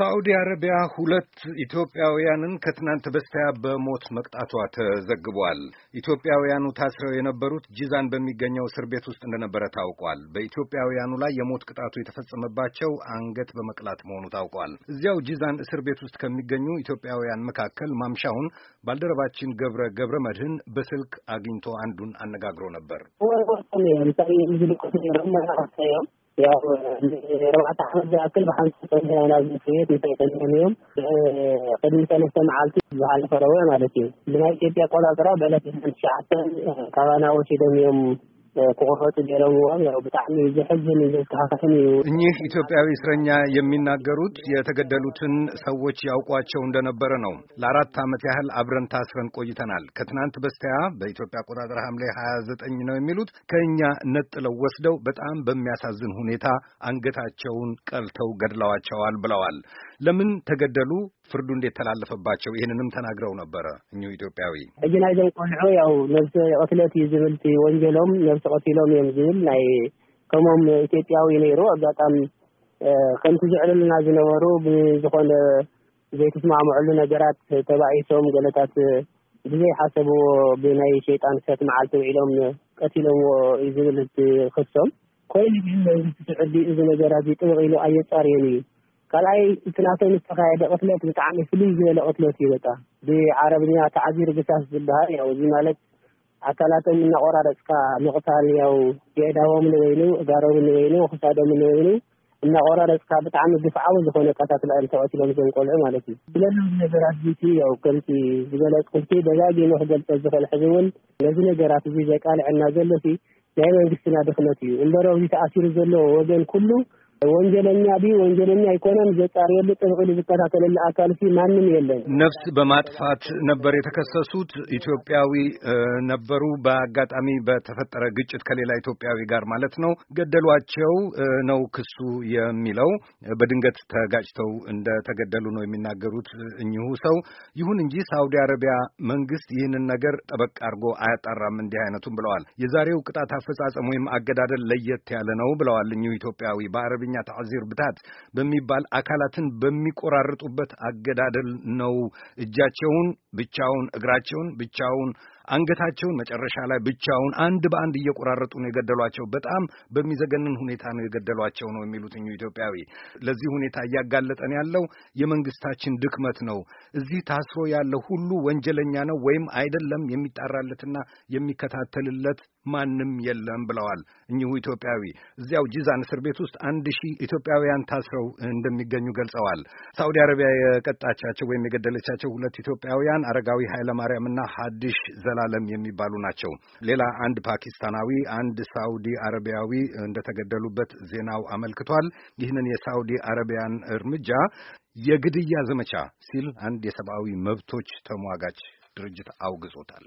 ሳዑዲ አረቢያ ሁለት ኢትዮጵያውያንን ከትናንት በስቲያ በሞት መቅጣቷ ተዘግቧል። ኢትዮጵያውያኑ ታስረው የነበሩት ጂዛን በሚገኘው እስር ቤት ውስጥ እንደነበረ ታውቋል። በኢትዮጵያውያኑ ላይ የሞት ቅጣቱ የተፈጸመባቸው አንገት በመቅላት መሆኑ ታውቋል። እዚያው ጂዛን እስር ቤት ውስጥ ከሚገኙ ኢትዮጵያውያን መካከል ማምሻውን ባልደረባችን ገብረ ገብረ መድህን በስልክ አግኝቶ አንዱን አነጋግሮ ነበር። ያው ረብዓተ ሓሙሽተ ዝኣክል ብሓንቲ ፀኒሕና ናብ ቤት ምሳይ ፀኒሖም እዮም ቅድሚ ሰለስተ መዓልቲ ዝሓለፈ ረብዕ ማለት እዩ ብናይ ኢትዮጵያ ኣቆፃፅራ ብዕለት ሽዓተ ካባና ወሲዶም እዮም ክቆፈቱ ነይሮምዎም ያው ብጣዕሚ ዝሕዝን ዘዝተኻኸትን እዩ። እኚህ ኢትዮጵያዊ እስረኛ የሚናገሩት የተገደሉትን ሰዎች ያውቋቸው እንደነበረ ነው። ለአራት ዓመት ያህል አብረን ታስረን ቆይተናል። ከትናንት በስቲያ በኢትዮጵያ አቆጣጠር ሐምሌ ሀያ ዘጠኝ ነው የሚሉት ከእኛ ነጥለው ወስደው በጣም በሚያሳዝን ሁኔታ አንገታቸውን ቀልተው ገድለዋቸዋል ብለዋል። ለምን ተገደሉ? ፍርዱ እንዴት ተላለፈባቸው? ይህንንም ተናግረው ነበረ እኚሁ ኢትዮጵያዊ። ሕጂ ናይዞም ቆልዑ ያው ነብሲ ቆትለት እዩ ዝብል እቲ ወንጀሎም ነብሲ ቆቲሎም እዮም ዝብል ናይ ከምኦም ኢትዮጵያዊ ነይሩ ኣጋጣሚ ከምቲ ዝዕልልና ዝነበሩ ብዝኾነ ዘይተስማዕምዕሉ ነገራት ተባኢሶም ገለታት ብዘይ ሓሰብዎ ብናይ ሸይጣን ሰት መዓልቲ ውዒሎም ቀቲሎምዎ እዩ ዝብል እቲ ክሶም ኮይኑ ግን መንግስቲ ስዑዲ እዚ ነገራት ጥብቅ ኢሉ ኣየፃርዮን እዩ ካልኣይ እቲ ናቶም ዝተካየደ ቅትለት ብጣዕሚ ፍልይ ዝበለ ቅትለት እዩ በቃ ብዓረብኛ ተዓዚር ግሳስ ዝበሃል ያው እዚ ማለት ኣካላቶም እናቆራረፅካ ምቕታል ያው የእዳቦም ንበይኑ እጋሮም ንበይኑ ክሳዶም ንበይኑ እናቆራረፅካ ብጣዕሚ ግፍዓዊ ዝኾነ ቀታትላ ተቐትሎም ዞም ቆልዑ ማለት እዩ ብለሎም ነገራት ቲ ያው ከምቲ ዝገለፅኩምቲ ደጋጊሙ ክገልፀ ዝኽእል ሕዚ እውን ነዚ ነገራት እዚ ዘቃልዐና ዘሎ ናይ መንግስትና ድኽመት እዩ እምበሮም ተኣሲሩ ዘለዎ ወገን ኩሉ ወንጀለኛ ቢ ወንጀለኛ አይኮነም ዘጣሪ የለ ጥብቅ ዝከታተለለ አካል ሲ ማንም የለን። ነፍስ በማጥፋት ነበር የተከሰሱት ኢትዮጵያዊ ነበሩ። በአጋጣሚ በተፈጠረ ግጭት ከሌላ ኢትዮጵያዊ ጋር ማለት ነው ገደሏቸው ነው ክሱ የሚለው። በድንገት ተጋጭተው እንደተገደሉ ነው የሚናገሩት እኚሁ ሰው። ይሁን እንጂ ሳውዲ አረቢያ መንግስት ይህንን ነገር ጠበቅ አድርጎ አያጣራም እንዲህ አይነቱም ብለዋል። የዛሬው ቅጣት አፈጻጸም ወይም አገዳደል ለየት ያለ ነው ብለዋል እኚሁ ኢትዮጵያዊ በአረብ በአማርኛ ተዕዚር ብታት በሚባል አካላትን በሚቆራርጡበት አገዳደል ነው እጃቸውን ብቻውን፣ እግራቸውን ብቻውን አንገታቸውን መጨረሻ ላይ ብቻውን አንድ በአንድ እየቆራረጡ ነው የገደሏቸው። በጣም በሚዘገንን ሁኔታ ነው የገደሏቸው ነው የሚሉት እኚሁ ኢትዮጵያዊ። ለዚህ ሁኔታ እያጋለጠን ያለው የመንግስታችን ድክመት ነው። እዚህ ታስሮ ያለ ሁሉ ወንጀለኛ ነው ወይም አይደለም፣ የሚጣራለትና የሚከታተልለት ማንም የለም ብለዋል እኚሁ ኢትዮጵያዊ። እዚያው ጂዛን እስር ቤት ውስጥ አንድ ሺህ ኢትዮጵያውያን ታስረው እንደሚገኙ ገልጸዋል። ሳውዲ አረቢያ የቀጣቻቸው ወይም የገደለቻቸው ሁለት ኢትዮጵያውያን አረጋዊ ኃይለማርያምና ሀዲሽ ዘላ ዘላለም የሚባሉ ናቸው። ሌላ አንድ ፓኪስታናዊ፣ አንድ ሳውዲ አረቢያዊ እንደተገደሉበት ዜናው አመልክቷል። ይህንን የሳውዲ አረቢያን እርምጃ የግድያ ዘመቻ ሲል አንድ የሰብአዊ መብቶች ተሟጋች ድርጅት አውግዞታል።